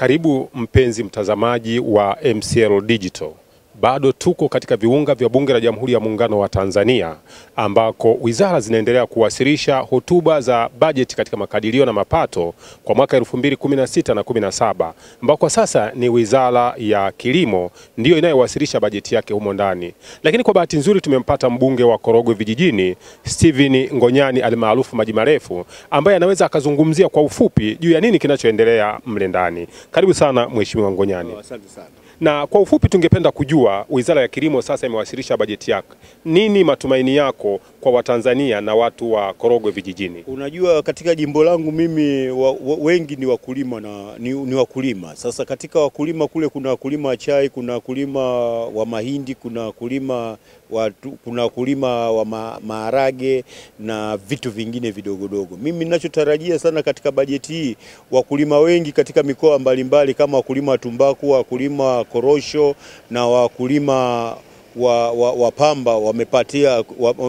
Karibu mpenzi mtazamaji wa MCL Digital bado tuko katika viunga vya Bunge la Jamhuri ya Muungano wa Tanzania ambako wizara zinaendelea kuwasilisha hotuba za bajeti katika makadirio na mapato kwa mwaka 2016 na 17, ambao kwa sasa ni wizara ya Kilimo ndiyo inayowasilisha bajeti yake humo ndani. Lakini kwa bahati nzuri tumempata mbunge wa Korogwe Vijijini Steven Ngonyani alimaarufu Maji Marefu, ambaye anaweza akazungumzia kwa ufupi juu ya nini kinachoendelea mle ndani. Karibu sana Mheshimiwa Ngonyani. Asante sana. Na kwa ufupi, tungependa kujua Wizara ya Kilimo sasa imewasilisha bajeti yake, nini matumaini yako kwa Watanzania na watu wa Korogwe vijijini. Unajua, katika jimbo langu mimi wa, wa, wengi ni wakulima na ni, ni wakulima. Sasa katika wakulima kule kuna wakulima wa chai, kuna wakulima wa mahindi, kuna wakulima wa, kuna wakulima wa ma, maharage na vitu vingine vidogodogo. Mimi ninachotarajia sana katika bajeti hii, wakulima wengi katika mikoa mbalimbali mbali, kama wakulima wa tumbaku, wakulima wa korosho na wakulima Wapamba wa, wa wamepatia,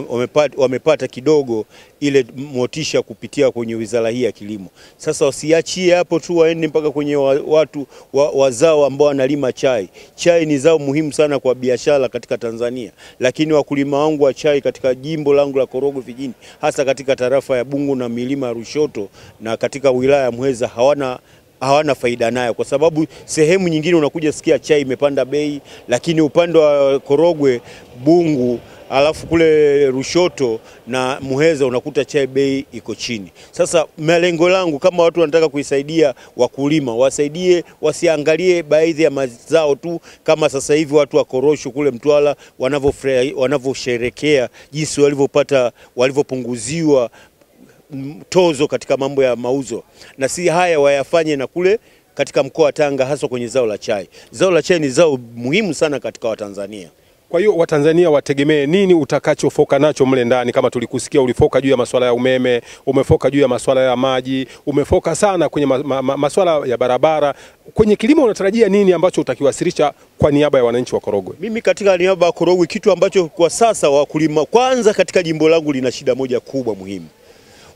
wamepata, wamepata kidogo ile motisha kupitia kwenye wizara hii ya kilimo. Sasa wasiachie hapo tu waende mpaka kwenye watu wa, wazao ambao wanalima chai. Chai ni zao muhimu sana kwa biashara katika Tanzania, lakini wakulima wangu wa chai katika jimbo langu la Korogwe Vijijini, hasa katika tarafa ya Bungu na milima ya rushoto na katika wilaya ya Muheza hawana hawana faida nayo, kwa sababu sehemu nyingine unakuja sikia chai imepanda bei, lakini upande wa Korogwe, Bungu alafu kule Rushoto na Muheza unakuta chai bei iko chini. Sasa malengo langu kama watu wanataka kuisaidia wakulima, wasaidie, wasiangalie baadhi ya mazao tu, kama sasa hivi watu wa korosho kule Mtwara wanavyosherekea jinsi walivyopata walivyopunguziwa tozo katika mambo ya mauzo, na si haya wayafanye na kule katika mkoa wa Tanga, hasa kwenye zao la chai. Zao la chai ni zao muhimu sana katika Watanzania. Kwa hiyo Watanzania wategemee nini utakachofoka nacho mle ndani? Kama tulikusikia ulifoka juu ya masuala ya umeme, umefoka juu ya masuala ya maji, umefoka sana kwenye ma ma ma masuala ya barabara. Kwenye kilimo unatarajia nini ambacho utakiwasilisha kwa niaba ya wananchi wa Korogwe? Mimi katika niaba ya Korogwe, kitu ambacho kwa sasa wakulima, kwanza katika jimbo langu lina shida moja kubwa muhimu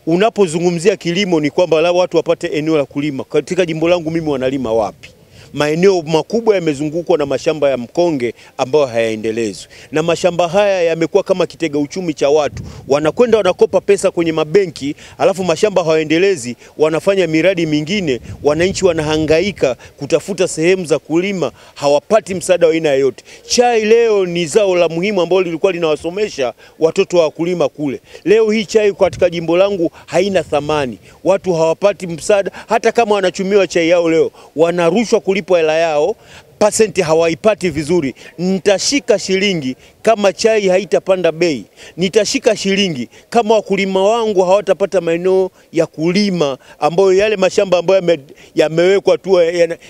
unapozungumzia kilimo ni kwamba la watu wapate eneo la kulima. Katika jimbo langu mimi wanalima wapi? maeneo makubwa yamezungukwa na mashamba ya mkonge ambayo hayaendelezwi, na mashamba haya yamekuwa kama kitega uchumi cha watu. Wanakwenda wanakopa pesa kwenye mabenki, alafu mashamba hawaendelezi, wanafanya miradi mingine. Wananchi wanahangaika kutafuta sehemu za kulima, hawapati msaada wa aina yoyote. Chai leo ni zao la muhimu ambalo lilikuwa linawasomesha watoto wa wakulima kule. Leo hii chai katika jimbo langu haina thamani, watu hawapati msaada. Hata kama wanachumiwa chai yao leo, wanarushwa kulima kulipwa hela yao pasenti hawaipati vizuri. Nitashika shilingi kama chai haitapanda bei, nitashika shilingi kama wakulima wangu hawatapata maeneo ya kulima, ambayo yale mashamba ambayo yamewekwa tu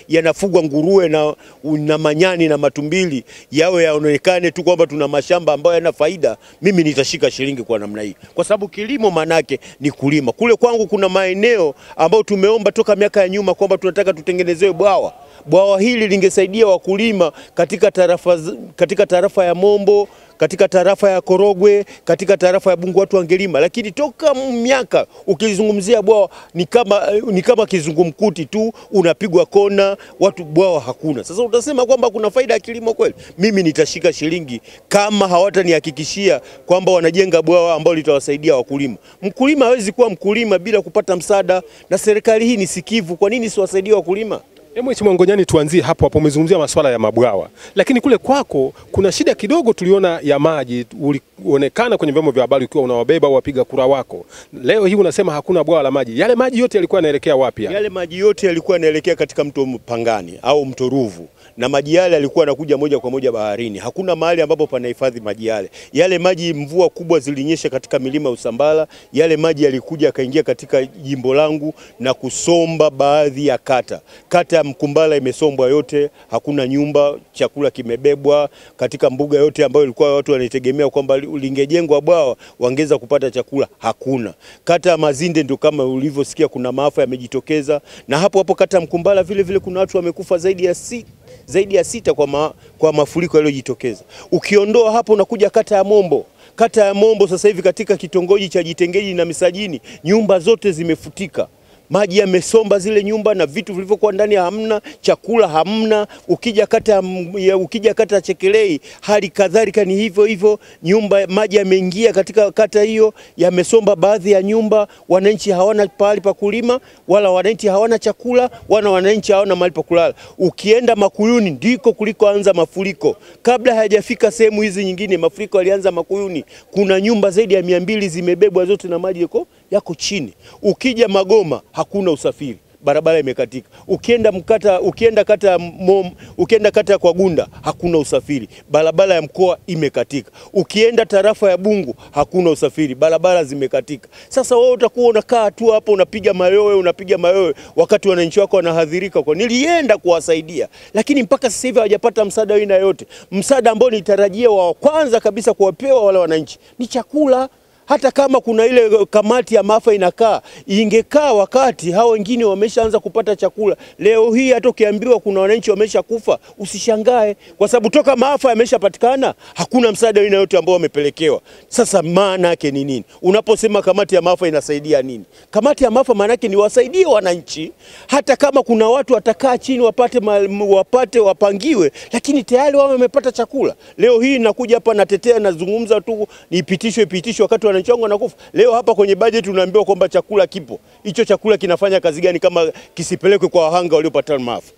yanafugwa yana nguruwe na, na manyani na matumbili, yawe yaonekane tu kwamba tuna mashamba ambayo yana faida. Mimi nitashika shilingi kwa namna hii, kwa sababu kilimo maanake ni kulima. Kule kwangu kuna maeneo ambayo tumeomba toka miaka ya nyuma kwamba tunataka tutengenezewe bwawa. Bwawa hili lingesaidia kusaidia wakulima katika tarafa, katika tarafa ya Mombo, katika tarafa ya Korogwe, katika tarafa ya watu wangelima, lakini toka miaka ukizungumzia bwawa ni kama, ni kama kizungumkuti tu, unapigwa kona, watu bwawa hakuna. Sasa utasema kwamba kuna faida ya kilimo kweli? Mimi nitashika shilingi kama hawatanihakikishia kwamba wanajenga bwawa ambalo litawasaidia wakulima. Mkulima hawezi kuwa mkulima bila kupata msaada, na serikali hii ni sikivu. Kwa nini siwasaidie wakulima? Mheshimiwa Ngonyani, tuanzie hapo hapo. Umezungumzia masuala ya mabwawa, lakini kule kwako kuna shida kidogo tuliona ya maji, ulionekana kwenye vyombo vya habari ukiwa unawabeba wapiga kura wako. Leo hii unasema hakuna bwawa la maji, yale maji yote yalikuwa yanaelekea wapi? Yale maji yote yalikuwa yanaelekea katika mto Pangani au mto Ruvu, na maji yale yalikuwa yanakuja moja kwa moja baharini. Hakuna mahali ambapo panahifadhi maji yale. Yale maji, mvua kubwa zilinyesha katika milima Usambara, yale maji yalikuja yakaingia katika jimbo langu na kusomba baadhi ya kata kata Mkumbala imesombwa yote, hakuna nyumba, chakula kimebebwa katika mbuga yote ambayo ilikuwa watu wanaitegemea kwamba lingejengwa bwawa wangeza kupata chakula, hakuna. Kata ya Mazinde ndio kama ulivyosikia, kuna maafa yamejitokeza, na hapo hapo kata Mkumbala vile vile kuna watu wamekufa zaidi ya si, zaidi ya sita kwa, ma, kwa mafuriko yaliyojitokeza. Ukiondoa hapo unakuja kata ya Mombo kata ya Mombo sasa hivi katika kitongoji cha Jitengeji na Misajini nyumba zote zimefutika maji yamesomba zile nyumba na vitu vilivyokuwa ndani hamna, chakula hamna. Ukija kata ya, ukija kata Chekelei hali kadhalika ni hivyo hivyo, nyumba maji yameingia katika kata hiyo, yamesomba baadhi ya nyumba. Wananchi hawana pahali pa kulima, wala wananchi hawana chakula, wala wananchi hawana mahali pa kulala. Ukienda Makuyuni ndiko kulikoanza mafuriko, kabla hayajafika sehemu hizi nyingine. Mafuriko yalianza Makuyuni, kuna nyumba zaidi ya mia mbili zimebebwa zote na maji yako yako chini. Ukija Magoma hakuna usafiri, barabara imekatika. Ukienda mkata, ukienda kata mom, ukienda kata kwa Gunda hakuna usafiri, barabara ya mkoa imekatika. Ukienda tarafa ya Bungu hakuna usafiri, barabara zimekatika. Sasa wewe utakuwa unakaa tu hapo unapiga mayowe, unapiga mayowe wakati wananchi wako wanahadhirika. Kwa nilienda kuwasaidia, lakini mpaka sasa hivi hawajapata msaada aina yote. Msaada ambao nitarajia wa kwanza kabisa kuwapewa wale wananchi ni chakula hata kama kuna ile eh, kamati ya maafa inakaa, ingekaa wakati hao wengine wameshaanza kupata chakula. Leo hii hata ukiambiwa kuna wananchi wameshakufa, usishangae, kwa sababu toka maafa yameshapatikana hakuna msaada aina yote ambao wamepelekewa. Sasa maana yake ni nini? Unaposema kamati ya maafa inasaidia nini? Kamati ya maafa maana yake ni wasaidie wananchi, hata kama kuna watu watakaa chini wapate, wapate wapangiwe, lakini tayari wao wamepata chakula. Leo hii nakuja hapa natetea, nazungumza tu, nipitishwe pitishwe wakati wananchi wangu wanakufa. Leo hapa kwenye bajeti tunaambiwa kwamba chakula kipo, hicho chakula kinafanya kazi gani kama kisipelekwe kwa wahanga waliopata maafa?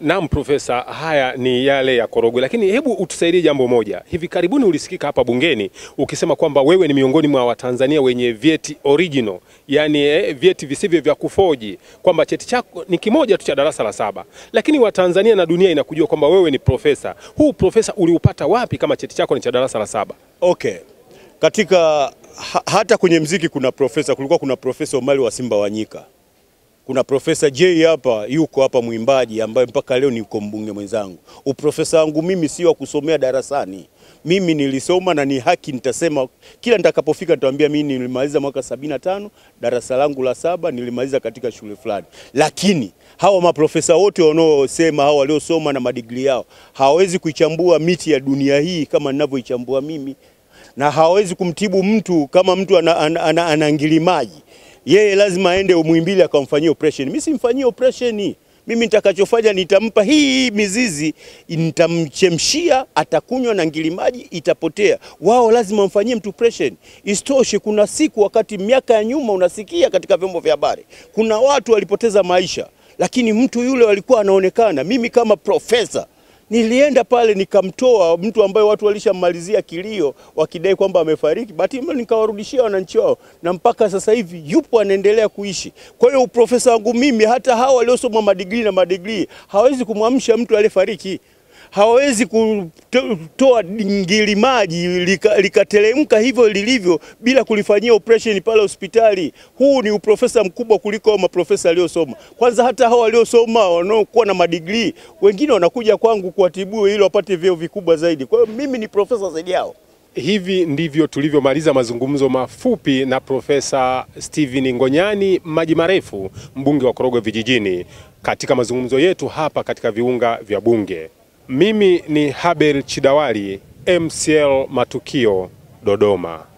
Naam, Profesa, haya ni yale ya Korogwe, lakini hebu utusaidie jambo moja. Hivi karibuni ulisikika hapa bungeni ukisema kwamba wewe ni miongoni mwa Watanzania wenye vyeti original, yani eh, vyeti visivyo vya kufoji, kwamba cheti chako ni kimoja tu cha darasa la saba, lakini Watanzania na dunia inakujua kwamba wewe ni profesa. Huu profesa uliupata wapi kama cheti chako ni cha darasa la saba? Okay, katika ha, hata kwenye mziki kuna profesa, kulikuwa kuna profesa Omari wa Simba Wanyika, kuna profesa J hapa yuko hapa mwimbaji ambaye mpaka leo niko mbunge mwenzangu. Uprofesa wangu mimi si wa kusomea darasani, mimi nilisoma na ni haki nitasema, kila nitakapofika nitawaambia mimi nilimaliza mwaka sabini tano darasa langu la saba nilimaliza katika shule fulani. Lakini hawa maprofesa wote wanaosema hawa waliosoma na madigri yao hawawezi kuichambua miti ya dunia hii kama ninavyoichambua mimi na hawezi kumtibu mtu kama mtu ana, ana, ana, ana ngilimaji. Yeye lazima aende Muhimbili akamfanyia operation. Mimi simfanyie operation. Mimi nitakachofanya nitampa hii mizizi, nitamchemshia, atakunywa na ngilimaji itapotea. Wao lazima mfanyie mtu operation. Isitoshe, kuna siku wakati miaka ya nyuma unasikia katika vyombo vya habari kuna watu walipoteza maisha, lakini mtu yule walikuwa anaonekana. Mimi kama profesa Nilienda pale nikamtoa mtu ambaye watu walishamalizia kilio wakidai kwamba amefariki, bahati mbaya nikawarudishia wananchi wao, na mpaka sasa hivi yupo anaendelea kuishi. Kwa hiyo uprofesa wangu mimi, hata hawa waliosoma madigrii na madigrii hawezi kumwamsha mtu aliyefariki hawawezi kutoa ngili maji likateremka lika hivyo lilivyo bila kulifanyia operation pale hospitali. Huu ni uprofesa mkubwa kuliko maprofesa aliyosoma. Kwanza hata hao waliosoma wanaokuwa na madigrii wengine wanakuja kwangu kuwatibue ili wapate vyeo vikubwa zaidi. Kwa hiyo mimi ni profesa zaidi yao. Hivi ndivyo tulivyomaliza mazungumzo mafupi na Profesa Steven Ngonyani Maji Marefu, mbunge wa Korogwe Vijijini, katika mazungumzo yetu hapa katika viunga vya Bunge. Mimi ni Habel Chidawali, MCL Matukio, Dodoma.